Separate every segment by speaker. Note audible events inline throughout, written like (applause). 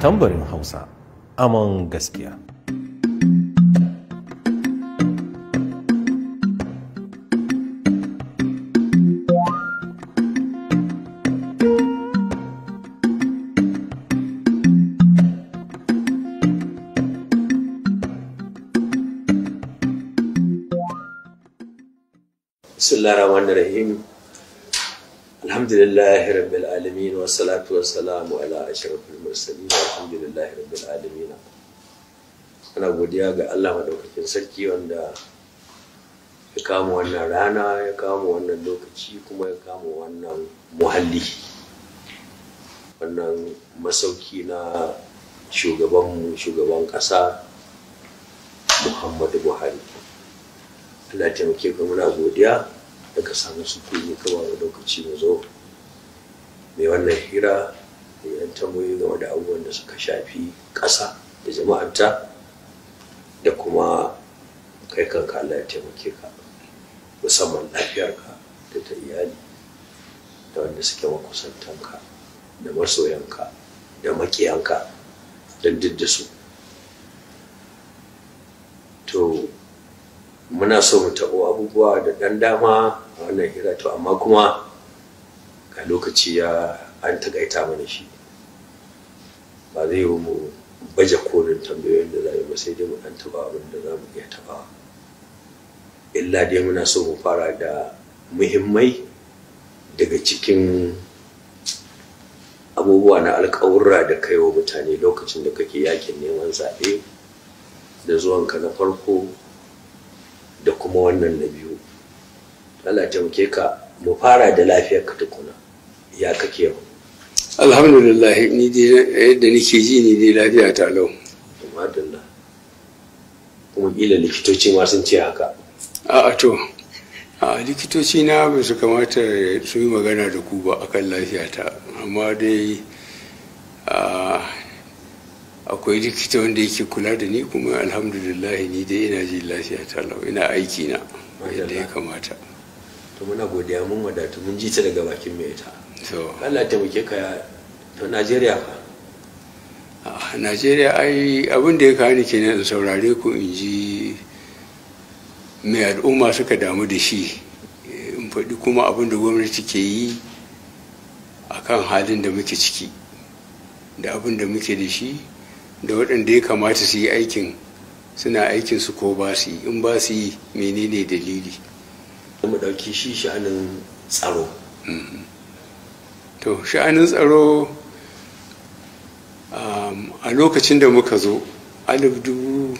Speaker 1: tambarin hausa aman gaskiya بسم الله الرحمن الرحيم الحمد لله رب العالمين والصلاة والسلام على أشرف المرسلين alhamdulillahi rabbil alamin ana godiya ga Allah madaukakin sarki wanda ya kama wannan rana ya kama wannan lokaci kuma ya kama wannan muhalli wannan masauki na shugaban shugabanmu shugaban ƙasa muhammadu buhari allah taimake ka muna godiya da ka samu sukuni kawai lokaci mu zo mai wannan hira wannan tambayoyi game da abubuwan da suka shafi ƙasa da jama'arta da kuma kai kanka Allah ya taimake ka musamman lafiyar ka, da ta iyali da wanda suke makusantanka da masoyanka da makiyanka don duk da su to muna so mu taɓo abubuwa da ɗan dama a wannan hira to amma kuma ga lokaci ya an taƙaita mana shi ba zai yi mu baje kolin tambayoyin da za yi ba sai dai mu ɗan taɓa abin da za mu iya taba illa dai muna so mu fara da muhimmai daga cikin abubuwa na alƙawurra da kai wa mutane lokacin da kake yakin neman zaɓe da zuwanka na farko da kuma wannan na biyu Allah muke ka mu fara da lafiyar ka tukuna ya kake yau alhamdulillah ni dai yadda nake ji ni dai lafiya ta lau kuma ila likitoci ma sun ce haka
Speaker 2: a'a to a likitoci na ba su kamata su yi magana da ku ba akan lafiyata amma dai akwai likita wanda yake kula da ni kuma alhamdulillah ni dai ina ji ta
Speaker 1: lau ina aiki na yadda ya kamata to muna godiya mun wadatu mun ji ta daga bakin mai ta Allah muke ka to najeriya fa
Speaker 2: ah, najeriya ai abin da ya kawo ni kenan in saurare ku in ji mai al'umma suka damu da shi eh, in faɗi kuma abin da gwamnati ke yi a kan halin da muke ciki da abin da muke da shi da waɗanda ya kamata su yi aikin suna aikin su ko ba su yi in ba su yi menene dalili mu ɗauki shi sha'anin tsaro mm-hmm. to sha'anin tsaro a lokacin da muka zo alif dubu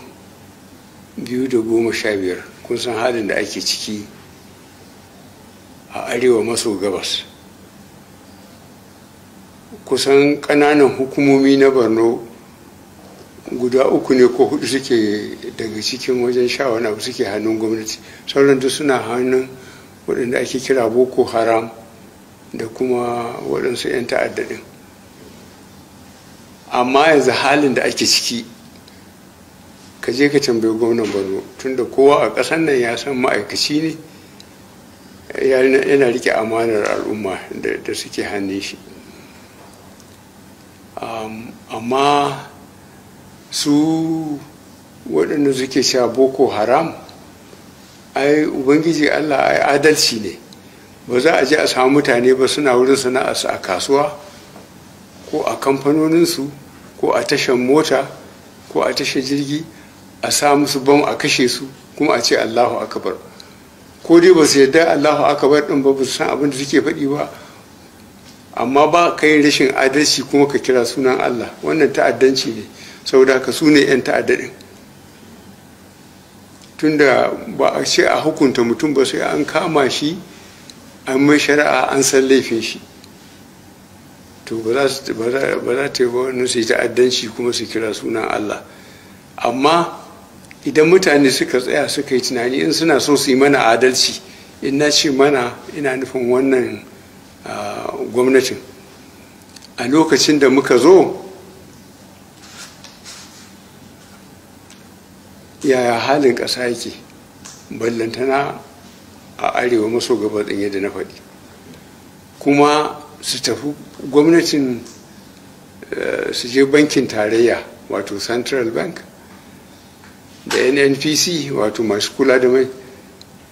Speaker 2: biyu da goma sha biyar kun san halin da ake ciki a arewa maso gabas kusan ƙananan hukumomi na borno guda uku ne ko hudu suke daga cikin wajen sha wani abu suke hannun gwamnati sauran duk suna hannun waɗanda ake kira boko haram da kuma waɗansu 'yan ta'adda amma yanzu halin da ake ciki ka je ka tambayi gwamnan borno tunda kowa a ƙasar nan ya san ma'aikaci ne yana rike amanar al'umma da suke hannun shi amma su waɗanda suke sha boko haram ai ubangiji allah ai adalci ne ba za a je a samu mutane ba suna wurin sana'arsu a kasuwa ko a kamfanoninsu ko a tashan mota ko a tashan jirgi a sa musu bam a kashe su kuma a ce allahu akabar ko dai ba su yadda allahu akabar din ba su san abin da suke faɗi ba amma ba ka yi rashin adalci kuma ka kira sunan allah wannan ta'addanci ne saboda ka su ne 'yan ta'adda tunda ba a ce a hukunta mutum ba sai an kama shi an mai shari'a an san laifin shi to ba za ta yi ba wani su ta'addanci kuma su kira sunan Allah amma idan mutane suka tsaya suka yi tunani in suna so su yi mana adalci in na ce mana ina nufin wannan gwamnatin a lokacin da muka zo yaya halin ƙasa yake ballantana a arewa maso gabaɗin yadda na faɗi kuma su tafi gwamnatin eh, su je bankin tarayya wato central bank da nnpc wato masu kula da mai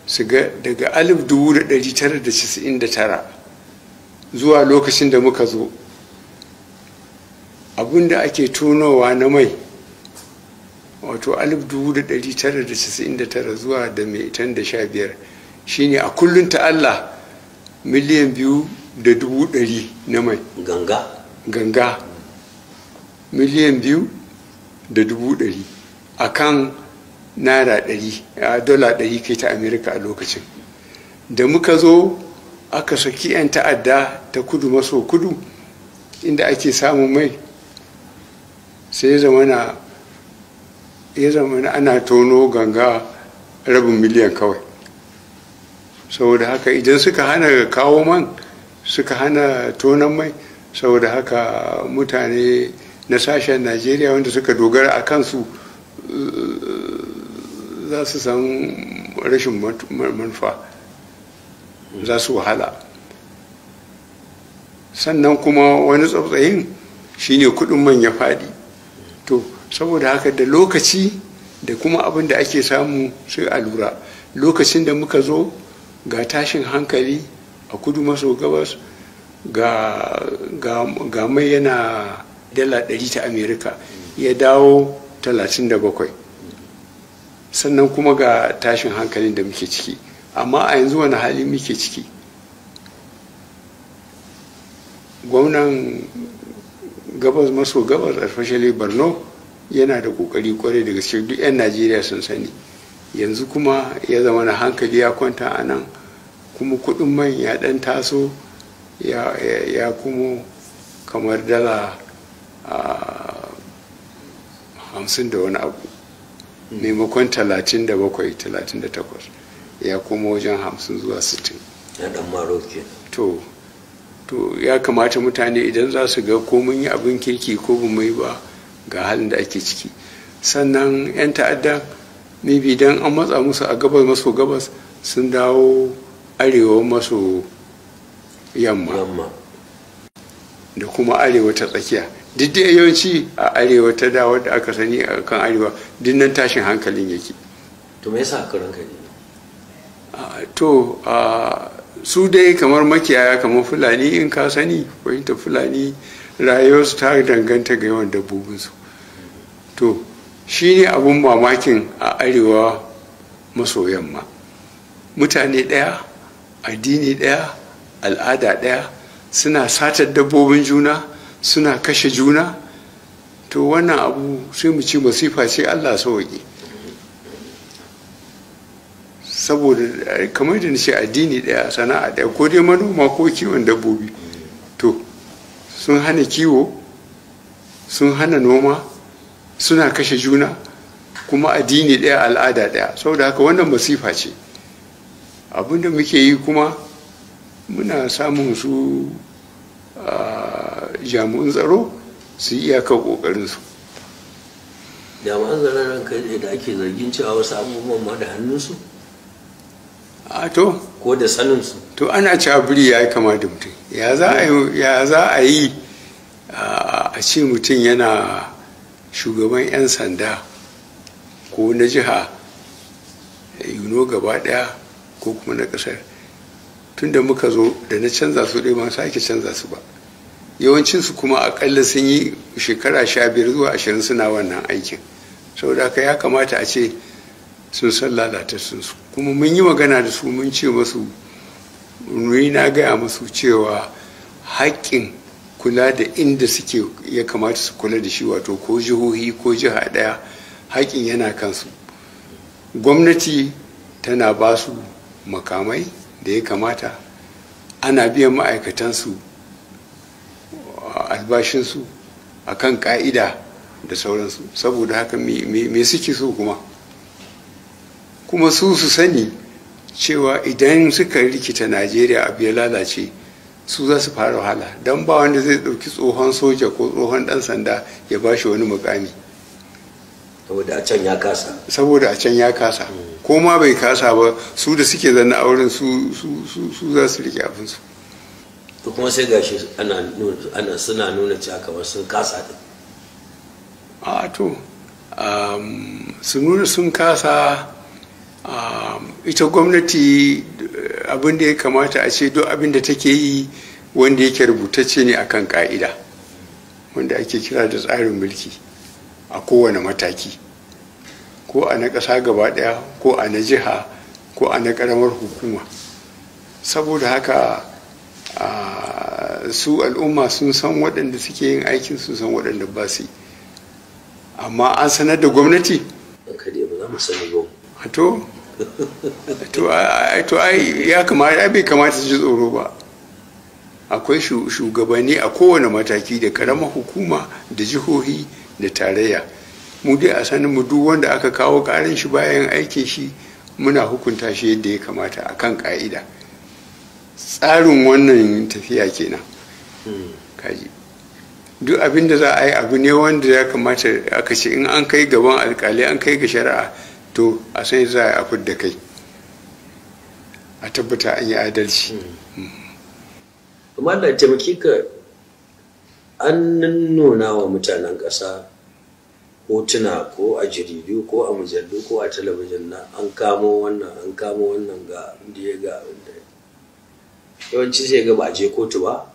Speaker 2: su ga daga 1999 zuwa lokacin da muka zo abinda ake tonowa na mai wato 1999 zuwa da mai 15 shine a kullum ta allah miliyan biyu da dubu ɗari na mai ganga ganga miliyan biyu da dubu ɗari a kan naira ɗari a dola ɗari kai ta amerika a lokacin da muka zo aka saki 'yan ta'adda ta kudu maso kudu inda ake samun mai sai ya zamana ana tono ganga rabin miliyan kawai saboda haka idan suka hana kawo man suka hana tonan mai saboda haka mutane na sashen najeriya wanda suka dogara a kansu eh, za su san rashin manufa za su wahala sannan kuma wani tsaftsayin shine kudin man ya faɗi to saboda haka da lokaci da kuma abin da ake samu sai a lura lokacin da muka zo ga tashin hankali a kudu maso gabas ga mai yana dala 100 ta amerika ya dawo 37 sannan kuma ga tashin hankalin da muke ciki amma a yanzu wani hali muke ciki gwamnan gabas maso gabas especially borno yana da kokari kwarai da gaske duk 'yan najeriya sun sani yanzu kuma ya zama na hankali ya kwanta a nan kuma kudin man ya dan taso ya kuma kamar dala hamsin da wani abu hmm. maimakon talatin da bakwai talatin da takwas ya kuma wajen hamsin zuwa sittin ya dan maro to to ya kamata mutane idan za su ga ko mun yi abin kirki ko ba mai yi ba ga halin da ake ciki sannan 'yan ta'adda maybe idan an matsa musu a gabas maso gabas sun dawo arewa maso yamma da kuma arewa ta tsakiya duk yawanci a arewa ta dawa da aka sani a kan arewa dinnan tashin hankalin yake
Speaker 1: to me yasa karin
Speaker 2: kai to su dai kamar makiyaya kamar fulani in ka sani fahimta fulani rayuwarsu ta danganta ga yawan dabbobinsu to shi ne abun mamakin a arewa maso yamma mutane daya. addini ɗaya al'ada ɗaya suna satar dabbobin juna suna kashe juna to wannan abu sai mu ci masifa ce allah sauƙi saboda eh, kamar da ce addini ɗaya sana'a ɗaya ko dai manoma ko kiwon dabbobi to sun hana kiwo sun hana noma suna kashe juna kuma addini ɗaya al'ada ɗaya saboda haka wannan masifa ce abin da muke yi kuma muna samun su a jami'un tsaro su yi iyaka ƙoƙarinsu
Speaker 1: jami'an tsaron ranka da ake zargin cewa wasu abubuwan ma da hannunsu a to ko da su to ana cabiri ya yi kama da
Speaker 2: mutum ya za a yi a ce mutum yana shugaban 'yan sanda ko na jiha yuno gaba daya ko kuma na ƙasar tunda muka zo da na canza su ɗaya su sake canza su ba yawancinsu kuma akalla sun yi shekara sha biyar zuwa ashirin suna wannan aikin saboda haka ya kamata a ce sun san lalatattun su kuma mun yi magana da su mun ce masu ni na gaya masu cewa haƙƙin kula da inda suke ya kamata su kula da shi wato ko jihohi ko jiha ɗaya haƙƙin yana kansu gwamnati tana ba su makamai da ya kamata ana biyan ma'aikatansu albashinsu a kan ka'ida da sauransu saboda haka me suke so kuma kuma su su sani cewa idan suka rikita najeriya abu ya lalace su za su fara wahala don ba wanda zai ɗauki tsohon soja ko tsohon ɗan sanda ya ba shi wani mukami. saboda a can ya kasa saboda a can ya kasa hmm. ko ma bai kasa ba su da suke zanna auren su su za su rike abin su
Speaker 1: to kuma sai gashi ana ana suna nuna cewa kamar sun kasa din a to um, sun nuna sun kasa
Speaker 2: um, ita gwamnati eh, abin da ya kamata a ce duk abin da take yi wanda yake rubutacce ne akan ka'ida wanda ake kira da tsarin mulki a kowane mataki ko a na ƙasa gaba ɗaya ko a na jiha ko a na ƙaramar hukuma saboda haka su al'umma sun san waɗanda suke yin aikin sun san waɗanda ba su amma an sanar da gwamnati
Speaker 1: to to ai ya
Speaker 2: kamata bai kamata ji tsoro ba akwai shugabanni a kowane mataki da karama hukuma da jihohi da tarayya mu dai a sanin mu duk wanda aka kawo karin shi bayan aikin shi muna hukunta shi yadda ya kamata a kan ka'ida tsarin wannan tafiya kenan kaji duk abin da za a yi abu ne wanda ya kamata aka ce in an kai gaban alkali an kai ga shari'a to a sai za a yi da
Speaker 1: kai a tabbata an yi adalci. Kuma hmm. da taimake ka an nuna wa mutanen ƙasa hotuna ko a jaridu ko a mujallu ko a talabijin na an kamo wannan an kamo wannan ga inda ya ga inda yawanci sai ga ba a je kotu ba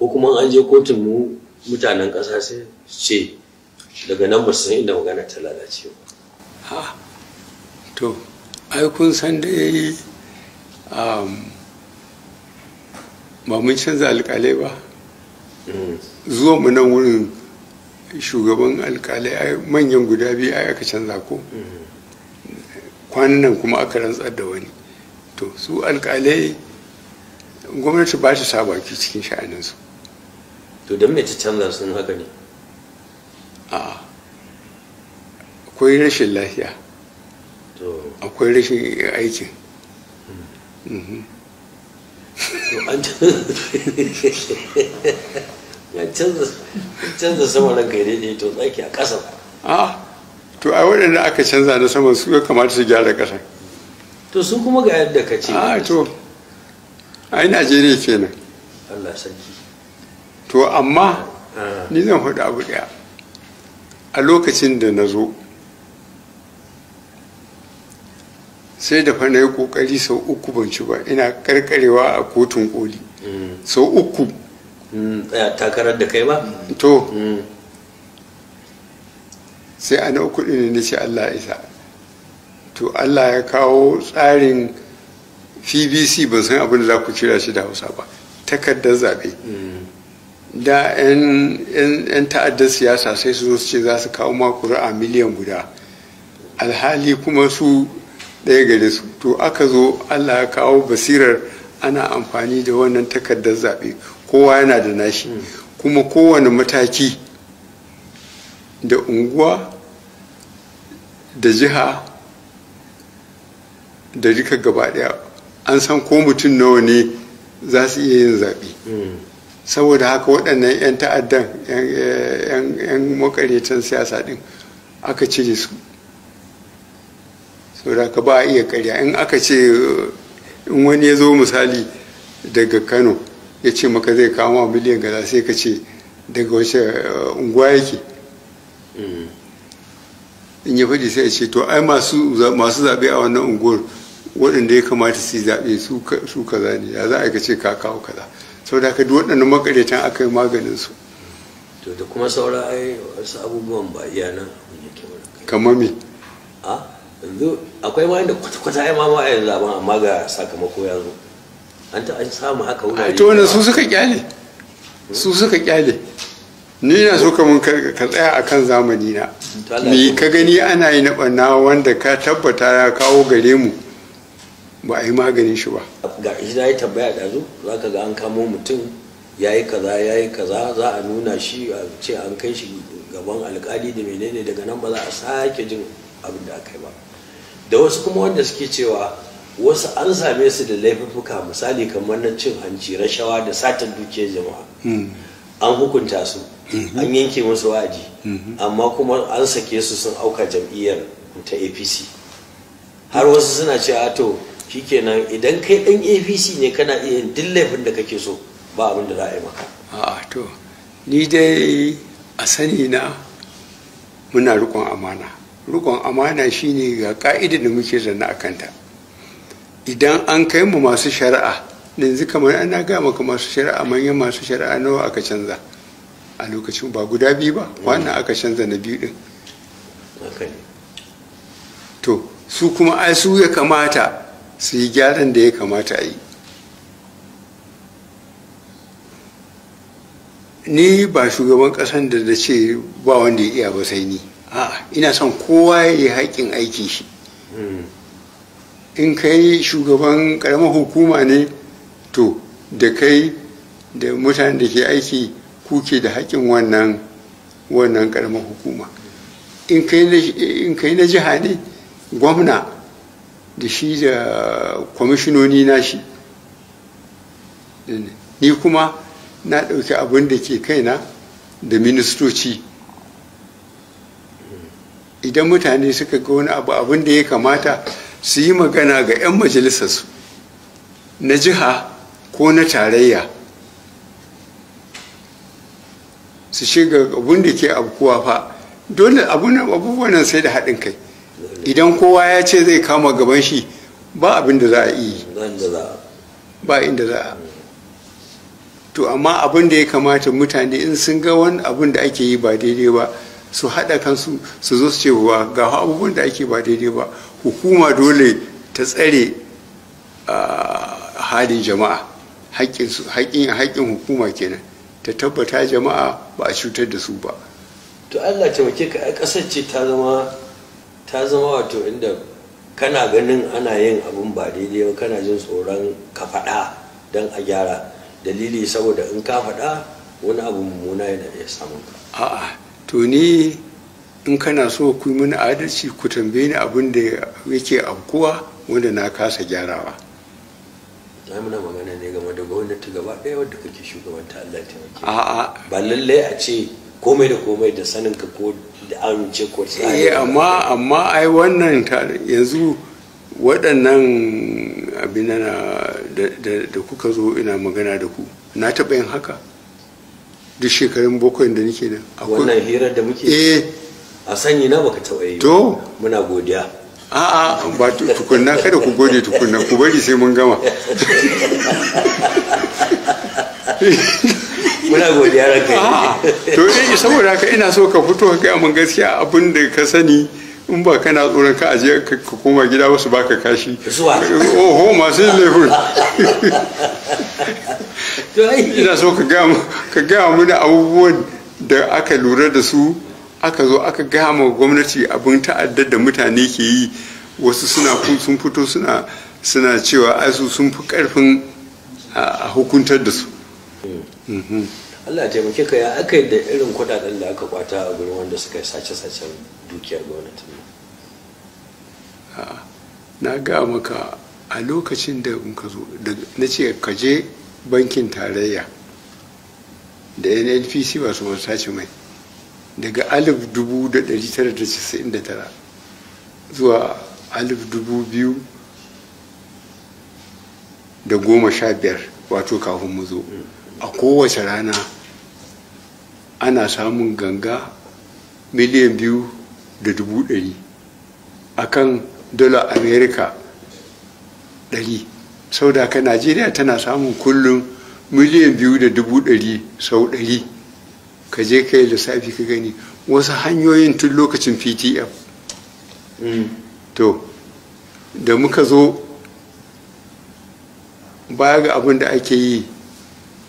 Speaker 1: ko kuma an je kotun mu mutanen ƙasa sai ce daga nan ba san inda magana ta lalace ba ha to ai
Speaker 2: kun san da yayi ba mun canza alƙalai ba zuwa mu nan wurin shugaban alkalai manyan guda biyu ai aka canza ko kwanan nan kuma aka rantsar da wani to su alkalai gwamnati ba ta sa baki cikin sha'aninsu
Speaker 1: to don me ta canza sun haka ne
Speaker 2: a akwai rashin lafiya akwai rashin aikin hmm. mhm.
Speaker 1: canza sama ranka ya daidai to tsaki a ƙasa
Speaker 2: a to ai waɗanda aka canza na saman su kamata su gyara ƙasa
Speaker 1: to sun kuma ga yadda ka ce
Speaker 2: a to ai najeriya kenan allah sarki to amma ah. ni zan faɗi abu ɗaya a lokacin da na zo sai da fa na yi kokari sau uku ban ci ba ina karkarewa a kotun koli sau uku mm,
Speaker 1: takarar da kai ba
Speaker 2: to mm. sai ana uku ne na ce allah isa to allah ya kawo tsarin pbc ban san abin da za ku kira shi da hausa ba takardar zaɓe mm. da 'yan ta'addar siyasa sai su zo su ce za su kawo ma a miliyan guda alhali kuma su ɗaya gare su to aka zo allah ya kawo basirar ana amfani da wannan takardar zaɓe kowa yana da nashi hmm. kuma kowane mataki da unguwa da jiha da duka gaba ɗaya an san ko mutum nawa ne za su iya yin zaɓe hmm. saboda haka waɗannan 'yan ta'addan 'yan makaretan siyasa ɗin aka cire su saboda ka ba a iya karya in aka ce in wani ya zo misali daga kano ya ce maka zai kama miliyan gaza sai ka ce daga wace eh, unguwa yake mm. in ya faɗi sai ya ce to ai masu zaɓe a wannan unguwar waɗanda ya kamata su yi zaɓe su kaza ne ya za a ka ce ka kawo kaza saboda ka duk waɗannan makaretan aka yi maganin su
Speaker 1: to da kuma saura ai wasu abubuwan ba iya nan kamar me ah? yanzu akwai ma da kwata-kwata ya mama a yanzu zaben amma ga sakamako ya zo an ta an samu haka wurare to wannan su suka
Speaker 2: kyale hmm? su suka kyale ni na so kamun ka tsaya a kan zamani na me ka gani ana yi na ɓanna wanda ka tabbata ya kawo gare mu
Speaker 1: ba a yi maganin shi ba ga shi na yi tambaya ɗazu za ka ga an kamo mutum ya yi kaza ya yi kaza za a nuna shi a ce an kai shi gaban alkali da menene daga nan ba za a sake jin abin da aka yi ba da wasu kuma wanda suke cewa wasu an same su da laifuffuka misali kamar na cin hanci rashawa da satan dukiyar jama'a hmm. an hukunta su hmm. an yanke musu wa'adi hmm. amma kuma an sake su sun auka jam'iyyar ta apc har wasu suna cewa to shikenan idan kai dan apc ne kana iya yin duk laifin da kake so ba abin da za a yi maka
Speaker 2: a to ni dai a sani na muna rikon amana rukun amana shine ga ka'ida da muke zanna a kanta idan an kai mu masu shari'a yanzu kamar ana gaya maka masu shari'a manyan masu shari'a nawa aka canza a lokacin ba guda biyu ba wannan aka canza na biyu din to su kuma ai su ya kamata su yi gyaran da ya kamata a yi ni ba shugaban kasan da da ce ba wanda ya iya ba sai ni A'a ina son kowa ya yi haƙƙin aikin shi in kai shugaban karamar hukuma ne to da kai da mutane da ke aiki kuke da haƙƙin wannan wannan ƙaramar hukuma in kai na jiha ne gwamna da shi da kwamishinoni na shi ni kuma na ɗauki abin da ke kaina da ministoci idan mutane suka ga wani abu abin da ya kamata su yi magana ga 'yan majalisarsu na jiha ko na tarayya su shiga abin da ke abkuwa fa dole abubuwan sai da haɗin kai idan kowa ya ce zai kama gaban shi ba abin da za a yi ba inda za a to amma abin da ya kamata mutane in sun ga wani abin da ake yi ba daidai ba su haɗa kansu su zo su ce wa ga abubuwan da ake ba daidai ba hukuma dole ta tsare halin jama'a haƙƙin hukuma kenan ta tabbata jama'a ba a cutar da su ba
Speaker 1: to Allah ta wake ka ai ƙasar ce ta zama ta zama wato inda kana ganin ana yin abin ba daidai ba kana jin tsoron ka faɗa don a gyara dalili saboda in ka faɗa wani abu mummuna yana iya samun ka a'a
Speaker 2: to ni in kana so ku yi mini adalci ku tambaye ni abin da yake afkuwa wanda na
Speaker 1: kasa gyarawa za magana ne game da gwamnati gaba ɗaya wadda kake shugabanta Allah taimake a'a ba lallai a ce komai da komai da sanin ka ko da amince ko sai eh amma
Speaker 2: amma ai wannan yanzu waɗannan abin da kuka zo ina magana da ku na taɓa yin haka duk shekarun bakwai da nake da wannan hirar da muke eh
Speaker 1: a sanyi na baka tawaye yi to muna godiya a'a ba tukunna kada ku
Speaker 2: gode tukunna ku bari sai mun gama muna godiya da kai to dai saboda haka ina so ka fito ka gaya mun gaskiya abin da ka sani in ba kana tsoron ka aje ka koma gida wasu baka kashi oho masu laifin
Speaker 1: (laughs)
Speaker 2: ina so ka gama muna abubuwan da aka lura da su aka zo aka gama gwamnati abin ta'addar da mutane ke yi wasu suna sun fito suna cewa asu sun fi karfin a hukuntar da su mm-hmm.
Speaker 1: Allah taimake ka ya aka yi da irin kudaden da aka kwata a gurin wanda suka sace-sacen dukiyar gwamnati
Speaker 2: na ga maka a lokacin da na ce ka je bankin tarayya da nnpc masu masu sace mai daga 1999 zuwa 2015 wato kafin mu zo a kowace rana ana samun ganga miliyan biyu da dubu ɗari a kan dola amerika ɗari sau da ka najeriya tana samun kullum miliyan biyu da dubu ɗari sau ɗari ka je ka yi lissafi ka gani wasu hanyoyin tun lokacin ptf mm. to da muka zo ba ga abin da ake yi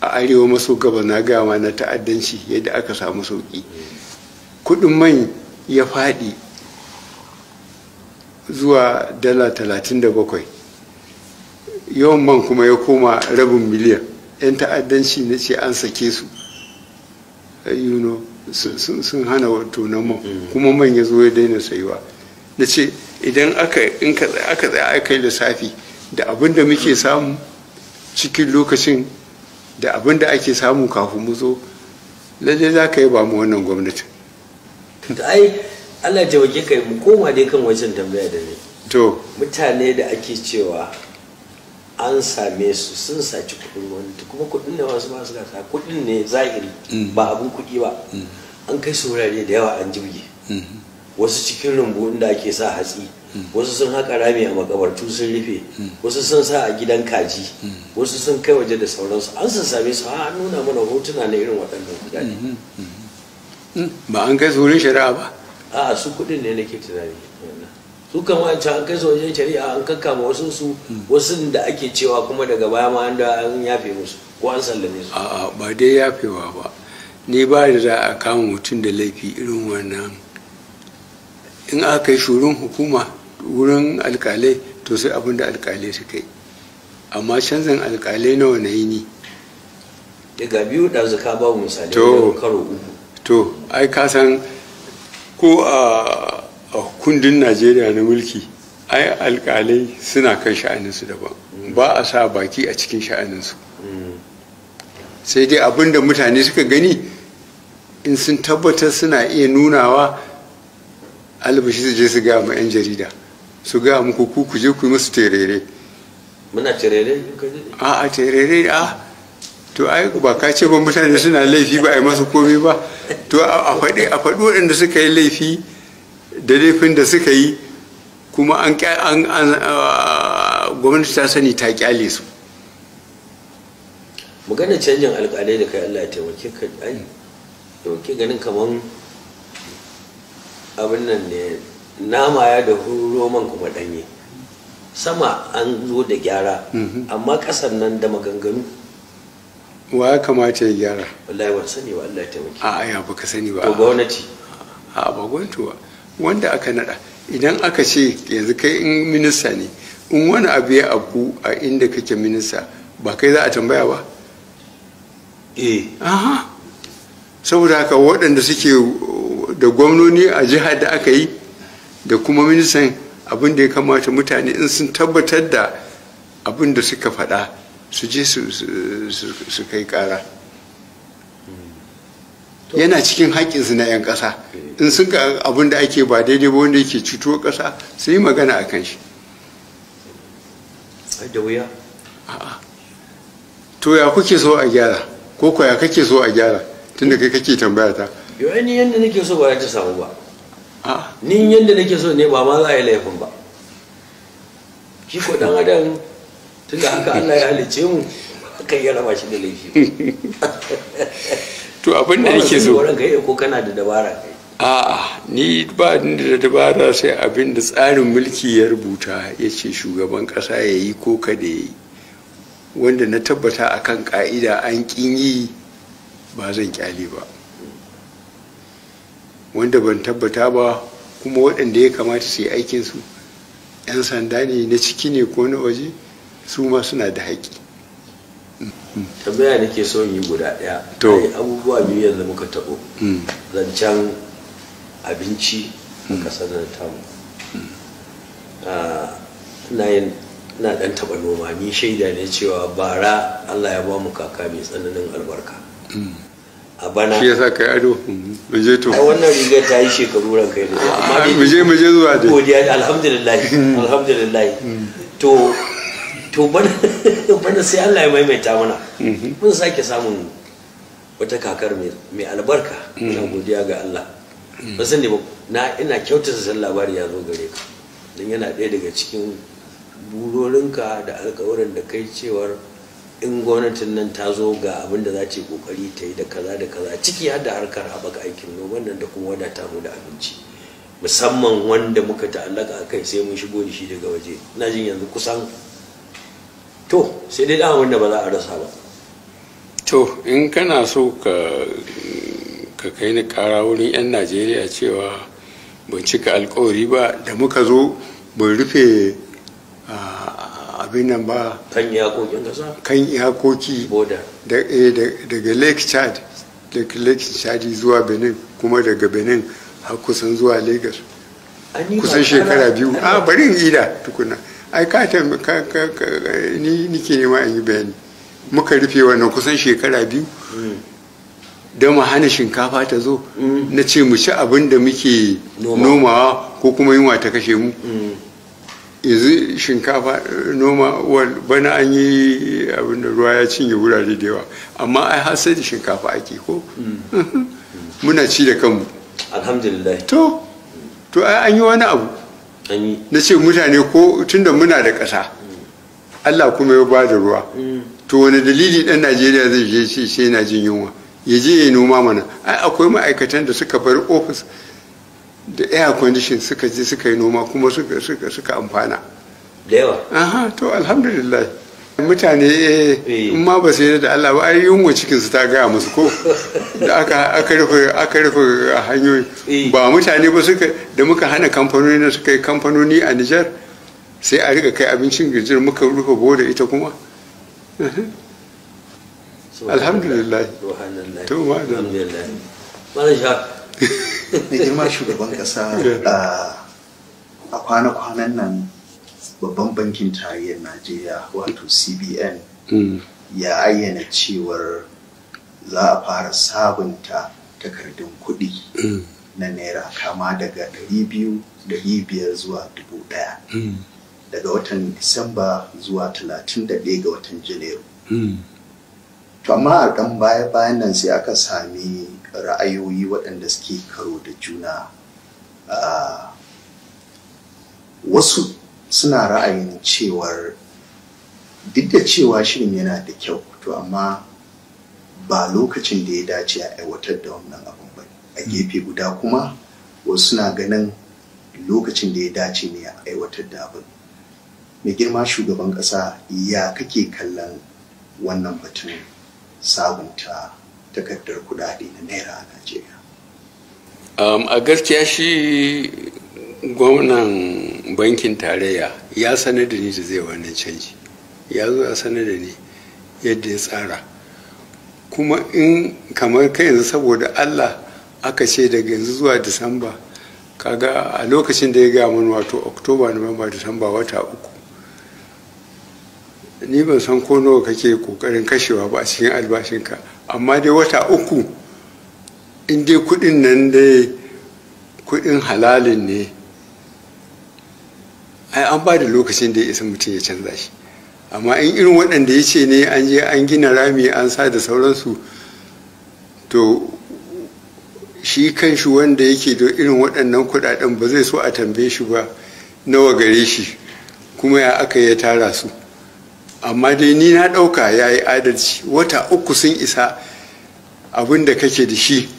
Speaker 2: a arewa maso gaba na gama na ta'addanci yadda aka samu sauki kudin mai ya faɗi zuwa dala talatin da bakwai yawan man kuma ya koma rabin miliyan 'yan ta'addanci na ce an sake su sun hana wato na man mm. kuma man ya zo ya daina sayuwa na ce idan aka tsaya aka yi lissafi da abin da muke samu cikin lokacin da abin da ake samu kafin mu zo lalle za ka yi ba mu wannan gwamnatin
Speaker 1: da ai allah jawage kai mu koma dai kan wajen tambaya da ne to mutane da ake cewa an same su sun saci kudin gwamnati kuma kudin ne wasu masu gasa kudin ne zahiri mm. ba abin kudi ba mm. an kai su wurare da yawa an jirgi mm. wasu cikin rumbu inda ake sa hatsi wasu sun haƙa rami a makabartu sun rufe wasu sun sa a gidan kaji wasu sun kai waje da sauransu an sun same su an nuna mana hotuna na irin waɗannan kudade mm-hmm. mm-hmm. ba an kai su wurin shari'a ba a'a su kudin ne nake tunani su wancan an kai su wajen shari'a an kakka wasu su hmm. wasu da ake cewa kuma daga baya ma an da an yafe musu ko an sallame su a'a
Speaker 2: ba dai yafewa ba ni ba da za a kama mutum da laifi irin wannan in aka yi shurin hukuma wurin alkalai to sai abin da alkalai su kai amma canzan alkalai nawa na yi ni
Speaker 1: daga biyu da zuka ba misali karo uku
Speaker 2: to ai ka san ko a a kundin najeriya na mulki ai alkalai suna kan sha'aninsu daban ba a sa baki a cikin sha'aninsu sai dai abinda mutane suka gani in sun tabbatar suna iya nunawa albashi su je su ga ma 'yan jarida su ga muku ku ku je ku yi musu terere muna terere a a terere a to ai ba ka ce ba mutane suna laifi ba a yi masu komai ba to a faɗi waɗanda suka yi laifi da laifin da suka yi kuma an
Speaker 1: gwamnati ta sani ta kyale su magana canjin alkalai da kai allah ya taimake ka ai dauke ganin kaman abin nan ne nama ya da roman kuma danye sama an zo da gyara mhm. amma kasan nan da maganganu wa ya kamata ya gyara wallahi ban sani ba allah ya taimake a ya baka sani ba to gwamnati a ba gwamnati
Speaker 2: ba wanda aka nada idan aka ce yanzu kai in minista ne in wani abu ya abu a inda kake minista ba kai za a tambaya ba eh saboda haka waɗanda suke da gwamnoni a jihar da aka yi da kuma ministan abin da ya kamata mutane in sun tabbatar da abin da suka faɗa su je su kai ƙara yana cikin haƙƙinsu na 'yan ƙasa in sun ga abin da ake ba daidai ba wanda yake cutuwar ƙasa su yi magana a kan shi da wuya to ya kuke so a gyara ko ko ya kake so a gyara tun da kai kake tambaya ta
Speaker 1: yau ni yadda nake so ba ya ta samu ba ni yadda nake so ne ba ma za a yi laifin ba shi ko dan adam tun da haka Allah ya halice mu aka yi raba shi da laifi
Speaker 2: (laughs) to abin da nake so
Speaker 1: ko kana da dabara
Speaker 2: a'a ni ba da dabara sai abin da tsarin mulki ya rubuta ya ce shugaban ƙasa ya yi ko kada ya yi wanda na tabbata a kan ƙa'ida an ƙin yi ba zan ƙyale ba wanda ban tabbata ba kuma waɗanda ya kamata su yi aikinsu 'yan sanda ne na ciki ne ko na
Speaker 1: waje su ma suna da haƙƙi tambaya nake son yi guda ɗaya to abubuwa biyu yanzu muka tabo mm. zancen abinci a da ta mu. na ɗan taɓa noma ni shaida ne cewa bara allah ya ba mu kaka mai tsananin albarka mm. a bana shi yasa kai ado mm. mu je to ai wannan riga ta yi shekaru ran kai ne (laughs) mu je mu je zuwa dai godiya alhamdulillah alhamdulillah to to (laughs) bana sai Allah ya maimaita mana mhm. mun sake samun wata kakar mai albarka mhm. na godiya ga Allah ba sani ba na ina kyautata san labari ya zo gare ka don yana ɗaya daga cikin burorinka da alkawarin da kai cewar in gwamnatin nan ta zo ga abin da za ta yi kokari ta yi da kaza da kaza ciki har da harkar haɓaka aikin noman nan da kuma wadata mu da abinci musamman wanda muka ta'allaka a kai sai mun shigo da shi daga waje na jin yanzu kusan to sai dai dama wanda ba za a rasa ba to in
Speaker 2: kana so ka kai ni kara wurin 'yan najeriya cewa ban cika alkawari ba da muka zo ban rufe abin nan ba kan
Speaker 1: iyakokin kasa
Speaker 2: kan iyakoki eh, daga lake chad daga lake chad zuwa benin kuma daga benin har kusan zuwa lagos
Speaker 1: kusan shekara biyu a ah, bari
Speaker 2: ida tukuna ai ka ni nike nema in yi bayani muka rufe wannan kusan shekara biyu mm. da mu hana shinkafa ta zo mm. na ce mu ci abin da muke
Speaker 1: nomawa
Speaker 2: ko kuma yunwa ta kashe mu mm. yanzu shinkafa eh, noma bana an yi abin da ruwa ya cinye wurare da yawa amma ai har sai da shinkafa ake ko (laughs) muna ci da kanmu alhamdulillah to to ai an yi wani abu na ce mutane ko tunda muna da ƙasa Allah kuma ya ba da ruwa mm. to wani dalili ɗan Najeriya zai je ce sai na jin yunwa ya je ya noma mana ai akwai ma'aikatan da suka bar ofis da air condition suka je suka yi noma kuma suka amfana
Speaker 1: da yawa aha
Speaker 2: to alhamdulillah mutane eh. in ma ba su yi da Allah ba ai yunwa cikin su ta gaya musu ko da aka rufe aka rufe hanyoyi eh. ba mutane ba suka da muka hana kamfanoni na suka yi kamfanoni a Nijar sai a riga kai abincin gijir muka rufe boda ita kuma
Speaker 1: alhamdulillah to ma da
Speaker 3: alhamdulillah da girma shugaban kasa (laughs) a kwana-kwanan nan babban bankin tarayyar najeriya wato cbn hmm. ya ayyana cewar za a fara sabunta takardun kuɗi hmm. na naira kama daga 200,500 zuwa 1,000 hmm. daga watan disamba zuwa 31 ga watan janairu to amma a ɗan baya bayan nan sai aka sami ra'ayoyi waɗanda suke karo da juna ah, wasu suna ra'ayin cewar duk da cewa shirin yana da kyau to amma ba lokacin da ya dace a aiwatar da wannan abun ba a hmm. gefe guda kuma wasu suna ganin lokacin da ya dace ne a aiwatar da abin mai girma shugaban ƙasa ya kake kallon wannan batun sabunta takardar kudade na naira a najeriya
Speaker 2: um, a gaskiya shi gwamnan bankin tarayya ya sanar da ni da zai wannan canji ya zo a sanar da ni yadda ya tsara kuma in kamar kai yanzu saboda allah aka ce daga yanzu zuwa disamba kaga a lokacin da ya gaya mana wato oktoba November disamba wata uku ni ban san ko nawa kake kokarin kashewa ba a cikin albashinka amma dai wata uku in dai kudin nan dai kudin halalin ne ai an ba da lokacin da ya isa mutum ya canza shi amma in irin waɗanda ya ce ne an je an gina rami an sa da sauransu to shi kan shi wanda yake da irin waɗannan kuɗaɗen ba zai so a tambaye shi ba nawa gare shi kuma ya aka ya tara su amma dai ni na ɗauka ya yi adalci wata uku sun isa abin da kake da shi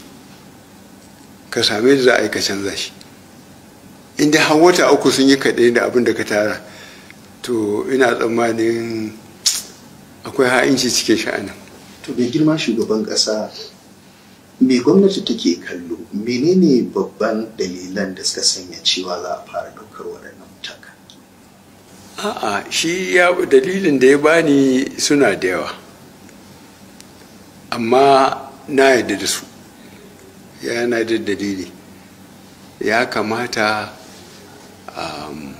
Speaker 2: ka same da za a yi ka canza shi inda har wata uku sun yi kaɗai da abin da ka tara to ina tsammanin akwai ha'inci cikin sha'anin
Speaker 3: to mai girma shugaban ƙasa me gwamnati take kallo menene babban dalilan da suka sanya cewa za a fara ɗaukar waɗannan mutaka
Speaker 2: a'a shi ya dalilin da ya bani suna da yawa amma na yadda da su yana da dalili ya kamata Um,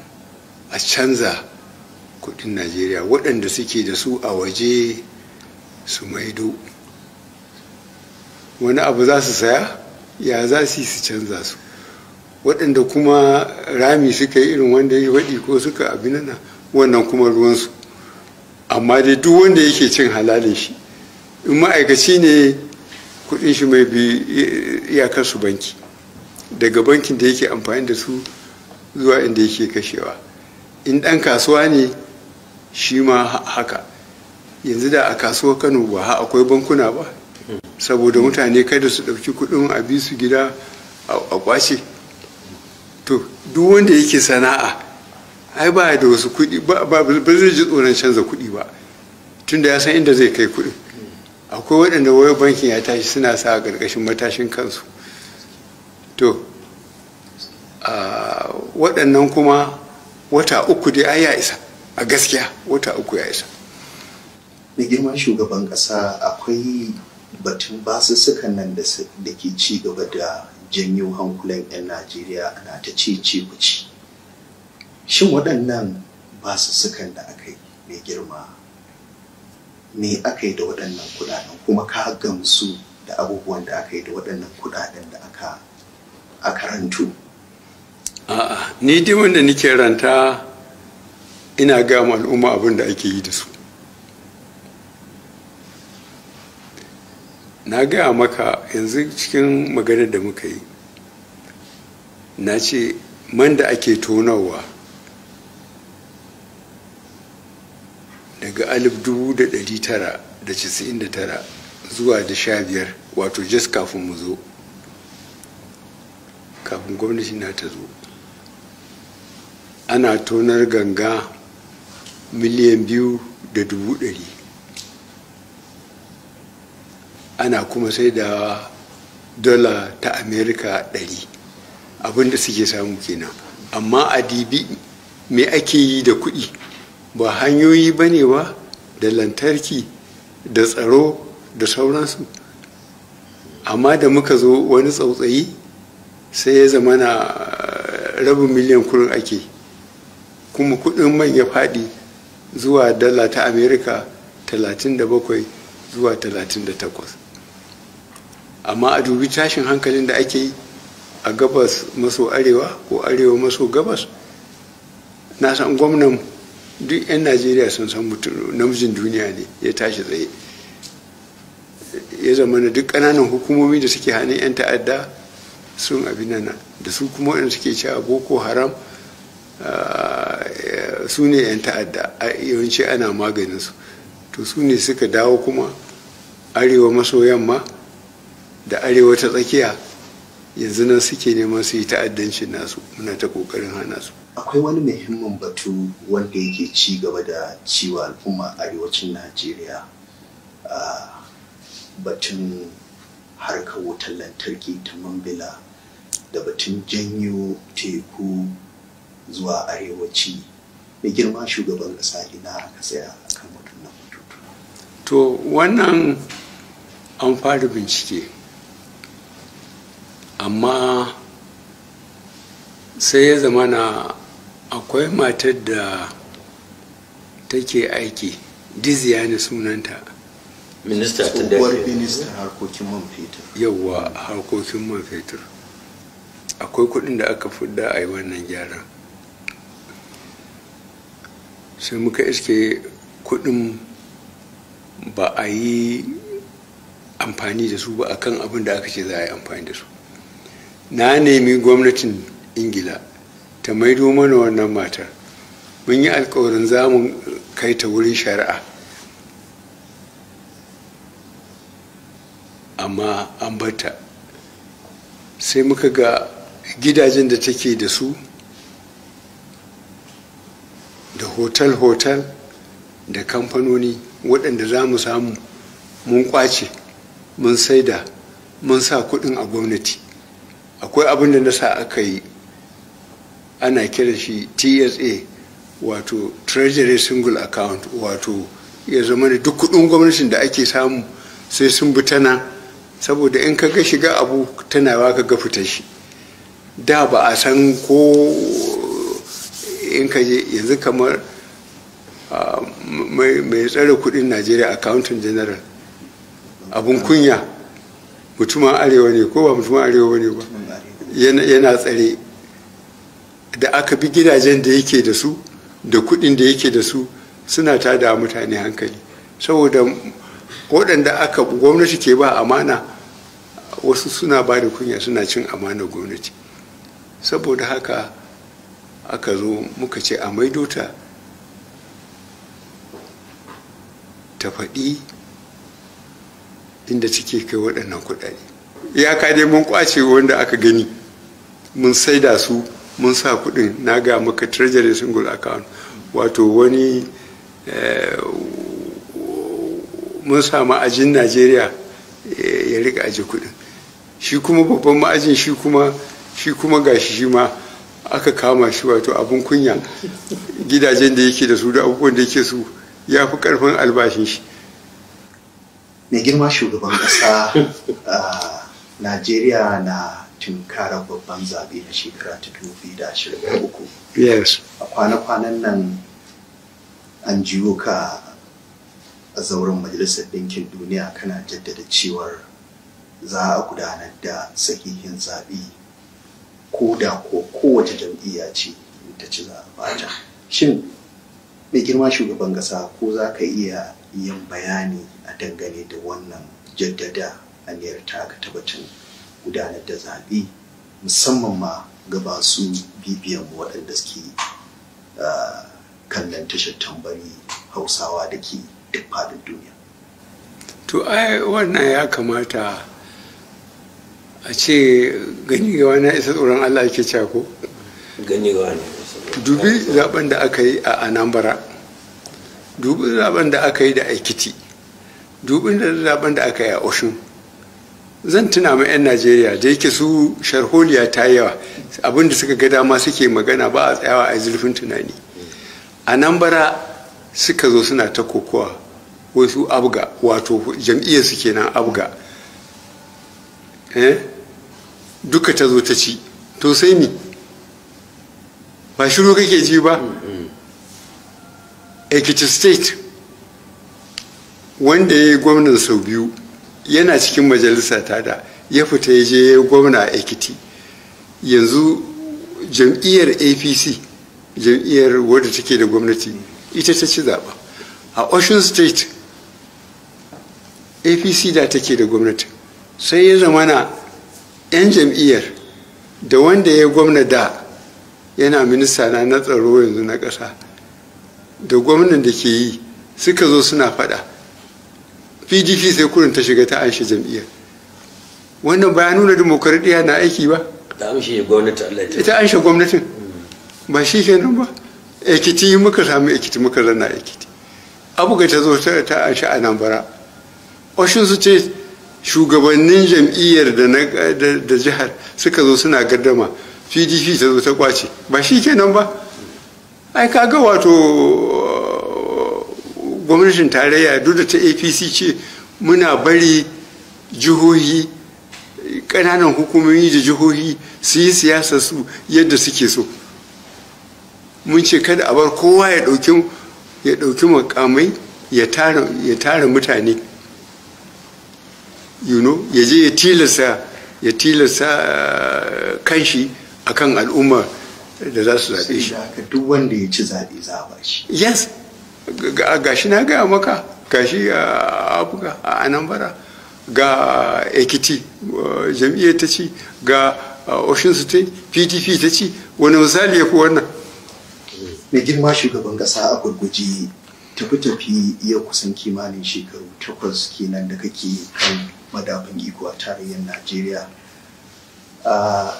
Speaker 2: a canza kudin najeriya waɗanda suke da su a waje su maido wani abu za su saya ya za su yi su canza su waɗanda kuma rami suka yi irin wanda ya waɗi ko suka abinana wannan kuma ruwansu amma dai duk wanda yake cin halalin shi in ma'aikaci ne kudin shi mai bi kasu banki daga bankin da yake amfani da su zuwa inda yake kashewa in dan kasuwa ne shi ma haka yanzu da a kasuwar kano ba ha akwai bankuna ba saboda mutane kada su ɗauki kudin a bi su gida a kwace to duk wanda yake sana'a ai ba da wasu kuɗi ba zai ji tsoron canza kuɗi ba tunda ya san inda zai kai kuɗin akwai waɗanda wayar bankin ya tashi suna sa a ƙarƙashin matashin kansu to waɗannan kuma wata uku dai ai ya isa a gaskiya
Speaker 3: wata uku ya isa da girma shugaban ƙasa akwai batun basussukan nan da ke ci gaba da janyo hankulan 'yan najeriya na ta ce ce ci shin waɗannan basussukan da aka yi mai girma ne aka yi da waɗannan kudaden kuma ka gamsu da abubuwan da aka yi da waɗannan kudaden da aka karantu
Speaker 2: a'a ni dai wanda nike ranta ina gama al'umma abin da ake yi da su na gaya maka yanzu cikin maganar da muka yi na ce man da ake tonawa daga alif dubu da tara zuwa da sha biyar wato just kafin mu zo kafin gwamnati na ta zo ana tonar ganga miliyan biyu da dubu ɗari ana kuma sai da dola ta amerika ɗari abinda suke samu kenan amma a dibi me ake yi da kuɗi ba hanyoyi ba ne ba da lantarki da tsaro da sauransu amma da muka zo wani tsautsayi sai ya zama na eh, rabin miliyan kurin ake kuma kudin man ya fadi zuwa dala ta amerika 37 zuwa 38 amma a dubi tashin hankalin da ake yi a gabas maso arewa ko arewa maso gabas na san gwamnan duk 'yan najeriya sun san mutum namijin duniya ne ya tashi tsaye ya zama na duk ƙananan hukumomi da suke hannun 'yan ta'adda sun abin da su kuma waɗanda suke cewa boko haram Eh, su ne 'yan ta'adda yawanci ana maganin su to su ne suka dawo kuma arewa maso yamma da arewa ta tsakiya yanzu nan suke neman su yi ta'addancin
Speaker 3: nasu muna ta kokarin hana su akwai wani muhimmin batu wanda yake ci gaba da ciwa al'umma arewacin najeriya batun harkar wutar lantarki ta mambila da batun janyo teku zuwa arewaci da girma shugaban ƙasa ina aka tsaya a kan mutum na To wannan an
Speaker 2: fara bincike amma sai ya zama na akwai matar da take aiki diziya ne sunanta minista ta dace minista harkokin man fetur yawwa harkokin man fetur akwai kudin da aka fudda a yi wannan gyaran sai muka iske kudin ba a yi amfani da su ba a kan abin da aka ce za a yi amfani da su na nemi gwamnatin ingila ta maido mana wannan matar mun yi alkawarin za mu kai ta wurin shari'a amma an bata sai muka ga gidajen da take da su da hotel-hotel da kamfanoni waɗanda za mu samu mun kwace mun saida mun sa kuɗin a gwamnati akwai abin da na sa aka yi ana kira shi tsa wato treasury single account wato ya zama da duk kuɗin gwamnatin da ake samu sai sun bi tana saboda in ka ga shiga abu tana ba ka ga fitar shi da ba a san ko in ka je yanzu kamar mai tsare kudin najeriya accountant general abun kunya mutumin arewa ne ko ba mutumin arewa ne ba yana tsare da aka bi gidajen da yake da su da kudin da yake da su suna tada mutane hankali saboda waɗanda aka gwamnati ke ba amana wasu suna ba da kunya suna cin amana gwamnati saboda haka aka zo muka ce a maido ta ta faɗi inda take kai waɗannan kuɗaɗe ka dai mun kwace wanda aka gani mun saida su mun sa kuɗin na ga maka treasury single account wato wani eh, mun sa ma'ajin najeriya eh, ya rika aje kuɗin shi kuma babban ma'ajin shi kuma shi kuma gashi shi ma aka kama shi wato abun kunya gidajen da yake da su da abubuwan da yake su ya fi karfin albashin shi
Speaker 3: mai girma shugaban ƙasa a najeriya na tunkara babban zaɓe na shekara ta 2023 a kwana-kwanan nan an jiwo ka a zauren majalisar ɗinkin duniya kana jaddada cewar za a gudanar da sahihin zaɓe ko da ko kowace jam'iyya ce ta ci zaɓata shin mai girma shugaban ƙasa ko za ka iya yin bayani a dangane da wannan jaddada aniyar taka tabbacin gudanar da zaɓe musamman ma ga basu bibiyan waɗanda suke kallon tashar tambari hausawa da ke duk faɗin duniya to ai wannan ya kamata
Speaker 2: a ce gani gawa na isa tsoron Allah ake cako. ko gani gawa ne dubi zaben da aka yi a Anambra dubi zaben da aka yi da Aikiti dubi zaben da aka yi a Oshun zan tuna ma 'yan najeriya da yake su sharholiya ta yawa abinda suka ga dama suke magana ba a tsayawa a zurfin tunani a nan bara suka zo suna ta kokowa wasu abga wato jam'iyyar su kenan abga eh duka ta zo ta ci to sai ni ba shiru kake ji ba ekiti state wanda ya yi gwamnan sau biyu yana cikin majalisa ta da ya fita ya je ya gwamna a ekiti yanzu jam'iyyar apc jam'iyyar wadda take da gwamnati ita ta ci zaɓa a ocean state apc da take da gwamnati sai ya zamana 'yan jam'iyyar da wanda ya gwamna da yana minista na na tsaro yanzu na ƙasa da gwamnan da ke yi suka zo suna faɗa pdp sai kurin ta shiga ta aishi jam'iyyar wannan ba ya nuna dimokuraɗiyya na aiki ba ta aishi gwamnatin ita hmm. gwamnatin ba shi kenan ba ekiti muka sami ekiti muka zana ekiti ga ta zo ta nan bara oshin su ce shugabannin jam'iyyar da jihar suka zo suna gardama pdp ta zo ta kwace ba shi kenan ba ai kaga wato gwamnatin tarayya duk da ta apc ce muna bari jihohi ƙananan hukumomi da jihohi su yi siyasa su yadda suke so mun ce kada a bar kowa ya ɗauki makamai ya tara mutane you know ya je ya tilasta ya tilasta eh, kanshi kan al'umma da za su zaɓe shi
Speaker 3: duk wanda ya ci zaɓe za a bashi yes
Speaker 2: shi na gaya maka gashi a abuga a anambra ga ekiti eh, jam'iyyar ta ci ga eh, ocean state pdp ta ci
Speaker 3: wani misali ya fi wannan mai girma shugaban kasa a gurguji tafi-tafi iya kusan kimanin shekaru takwas kenan da kake kan madafin iko a tarayyar najeriya ah,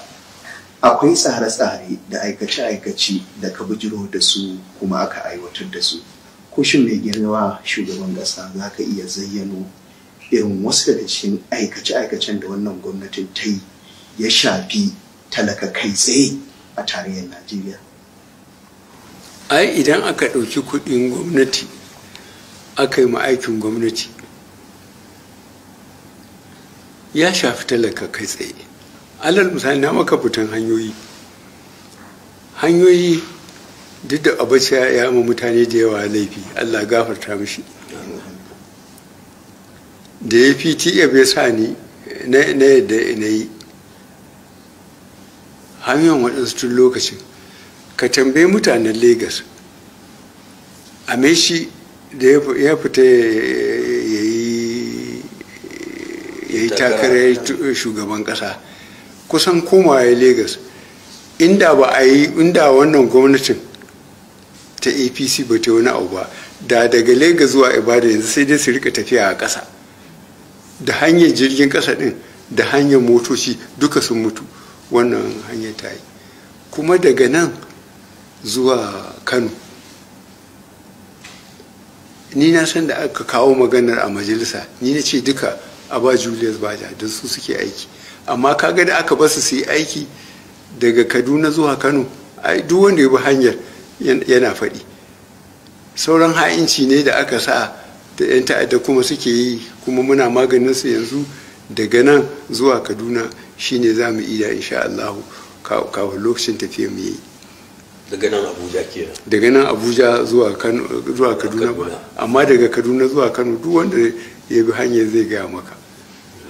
Speaker 3: akwai tsare-tsare da aikace-aikace da ka bijiro da su kuma aka aiwatar da su kushin mai girma shugaban ƙasa za ka iya zayyano irin wasu daga cikin aikace-aikacen da wannan gwamnatin ta yi ya shafi talaka kai tsaye a tarayyar najeriya
Speaker 2: ai idan aka ɗauki kuɗin gwamnati aka yi ma'aikin gwamnati ya shafi talaka kai tsaye alal misali na maka fitan hanyoyi hanyoyi duk da abacha ya ma mutane da yawa laifi allah gafarta mishi da ya fi tiya bai sa ni na yadda na yi hanyoyin waɗansu tun lokacin ka tambayi mutanen lagos a shi da ya fita ya shugaban kasa kusan koma ya lagos inda ba a yi inda wannan gwamnatin ta apc ba ta wani abu ba da daga lagos zuwa ibadan yanzu sai dai su rika tafiya a ƙasa da hanyar jirgin kasa din da hanyar motoci duka sun mutu wannan hanyar ta yi kuma daga nan zuwa kano ni na san da aka kawo maganar a majalisa ni na ce duka a ba julius baja da su suke aiki amma kaga da aka basu su yi aiki daga kaduna zuwa kano ai duk wanda ya bi hanyar yana faɗi sauran ha'inci ne da aka sa da 'yan ta'adda kuma suke yi kuma muna maganin su yanzu daga nan zuwa kaduna shine za mu ida insha allahu kawo lokacin tafiya mu yi
Speaker 1: daga nan abuja kenan
Speaker 2: daga nan abuja zuwa kaduna amma daga kaduna zuwa kano duk wanda ya bi hanyar zai gaya maka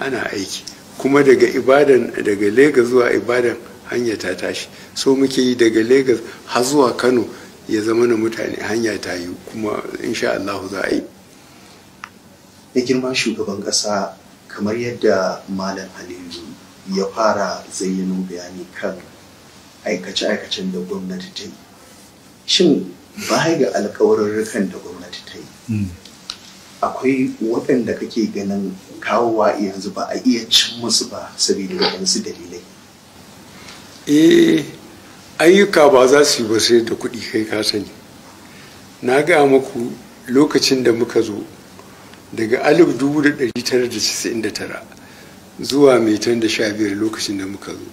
Speaker 2: ana aiki kuma daga ibadan daga Legas zuwa ibadan hanya ta tashi so muke yi daga Legas har zuwa kano ya zama na mutane hanya ta yi kuma insha
Speaker 3: Allah za a yi ya girma shugaban ƙasa kamar yadda malam halilu ya fara zayyano bayani kan aikace-aikacen da gwamnati ta yi shin baya ga alkawarurrukan da gwamnati ta yi hmm. akwai waɗanda kake ganin kawowa yanzu ba a iya cin musu ba saboda waɗansu dalilai
Speaker 1: eh
Speaker 2: ayyuka ba za su yi ba sai da kuɗi kai ka sani na ga muku lokacin da muka zo daga alif 1999 zuwa mai biyar lokacin da muka zo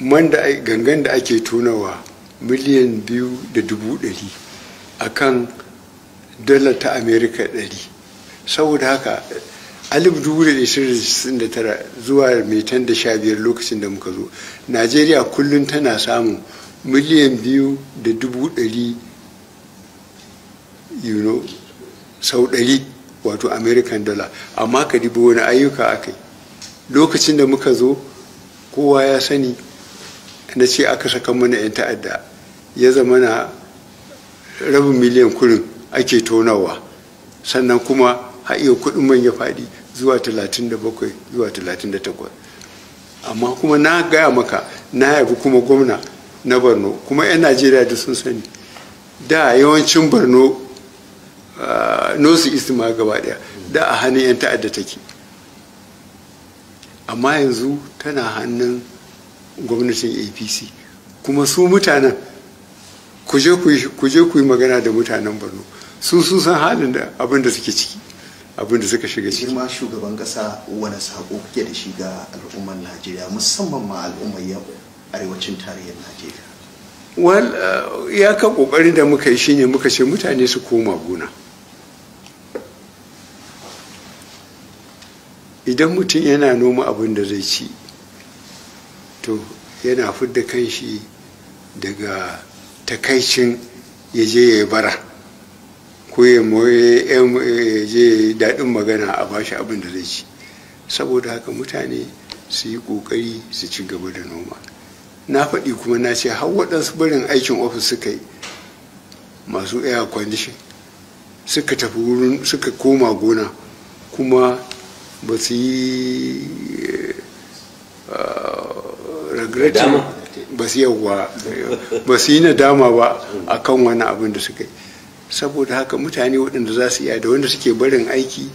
Speaker 2: man da gangan da ake tonawa miliyan biyu da dubu ɗari a kan dala ta america 100 saboda haka 1969 zuwa metan da sha biyar lokacin da muka zo najeriya kullum tana samun miliyan biyu da dubu dari you know sau dari wato american dollar amma ka dubu wani ayyuka aka yi lokacin da muka zo kowa ya sani na ce aka saka mana 'yan ta'adda ya zama na rabin miliyan kurin ake tonawa sannan kuma haɗe kuɗin man ya faɗi zuwa 37 zuwa 38 amma kuma na gaya maka na yabi kuma gwamna na borno kuma 'yan najeriya da sun sani da yawancin borno ah, nosu isi ma gaba daya da a hannun 'yan ta'adda take amma yanzu tana hannun gwamnatin apc kuma su mutanen ku je ku yi magana da mutanen borno
Speaker 3: su su san halin da abin da suke ciki abin da suka shiga ciki ma shugaban kasa wani sako kuke da shi ga al'ummar najeriya musamman ma al'ummar yau arewacin tarihin najeriya
Speaker 2: wal uh, ya ka kokarin da muka yi shine muka ce mutane su koma gona idan mutum yana noma abin da zai ci to yana fidda kanshi daga takaicin ya je ya bara ko ya je daɗin magana a bashi abin da zai ci saboda haka mutane su yi ƙoƙari su ci gaba da noma na faɗi kuma na ce har waɗansu barin aikin ofis suka yi masu air condition suka tafi wurin suka koma gona kuma ba su yi eh, regretting ba su yawwa ba su yi nadama ba wani abin da suka yi saboda haka mutane waɗanda za su iya da wanda suke barin aiki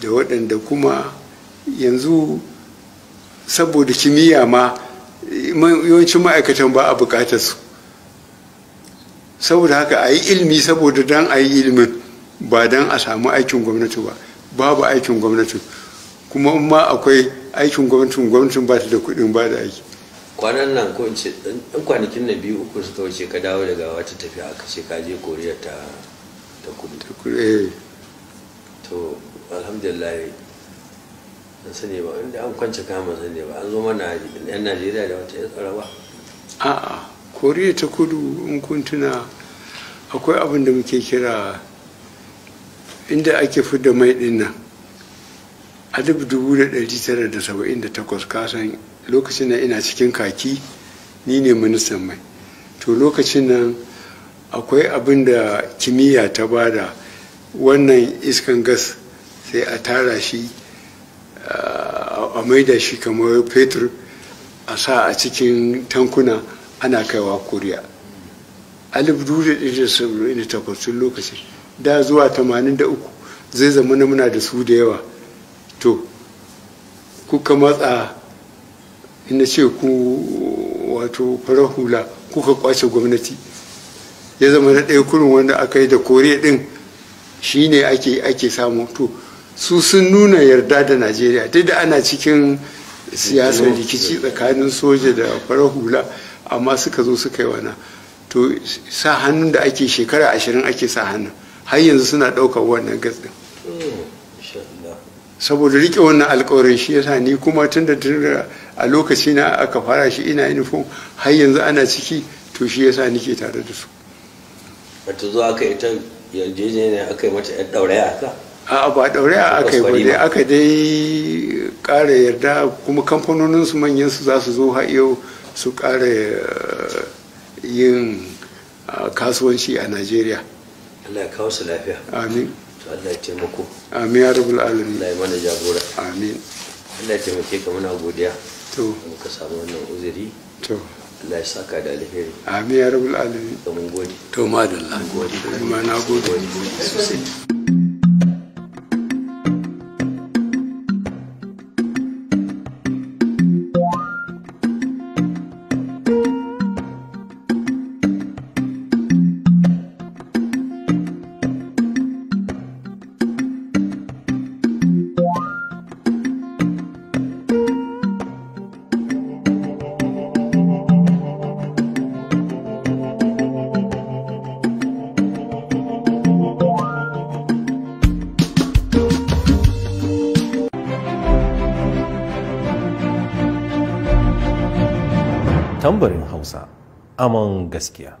Speaker 2: da waɗanda kuma yanzu saboda kimiyya ma yawancin ma'aikatan ba a buƙatar su saboda haka a yi ilimi saboda don a yi ilimin ba don a samu aikin gwamnati ba babu aikin gwamnati kuma ma akwai aikin gwamnatin gwamnatin ba ta da kuɗin ba da aiki
Speaker 1: kwanan nan ko ce dan kwanakin na biyu uku suka wuce ka dawo daga wata tafiya aka ce ka je koriya ta ta kudu eh. to alhamdulillah an sani ba inda an kwanci kama sani ba an zo mana yan najeriya da wata yan tsara ba
Speaker 2: a'a koriya ta kudu in kun tuna akwai abin da muke kira inda ake fidda mai dinnan a dubu dubu da ɗari tara da saba'in da takwas kasan lokacin nan ina cikin kaki ni ne ministan mai to lokacin nan akwai abin da kimiyya ta bada wannan iskan gas sai a tara shi a maida shi kamar fetur a sa a cikin tankuna ana kaiwa koriya alif sun lokaci da zuwa 83 zai zama muna da su da yawa to kuka matsa in ce ku wato farar hula kuka kwace gwamnati ya zama na ɗaya kurin wanda aka yi da kore ɗin shi ne ake ake samu to su sun nuna yarda da najeriya duk da ana cikin siyasar rikici tsakanin soja da farar hula amma suka zo suka yi wana to sa hannun da ake shekara ashirin ake sa hannun har yanzu suna ɗaukar wannan gatsin oh, saboda riƙe wannan alkawarin shi yasa ni kuma tun da a lokaci na aka fara shi ina uniform har yanzu ana ciki to shi yasa nake tare da su
Speaker 1: wato zuwa aka ita yarjejeniya aka yi mata yar ɗauraya ka a ba ɗauraya aka yi ba dai aka
Speaker 2: dai kare yarda kuma kamfanonin su manyan su za su zo har yau su kare eh, yin ah, kasuwanci a najeriya
Speaker 1: allah ya kawo su lafiya amin Allah ya taimako. Amin ya rabu alamin. Allah ya mana jagora. Amin. Allah ya taimake ka muna godiya. to ka wannan uzuri to Allah ya saka da alheri
Speaker 2: amin ya rabbul alamin to mun gode to madalla gode kuma na gode sosai
Speaker 1: faɗa gaskiya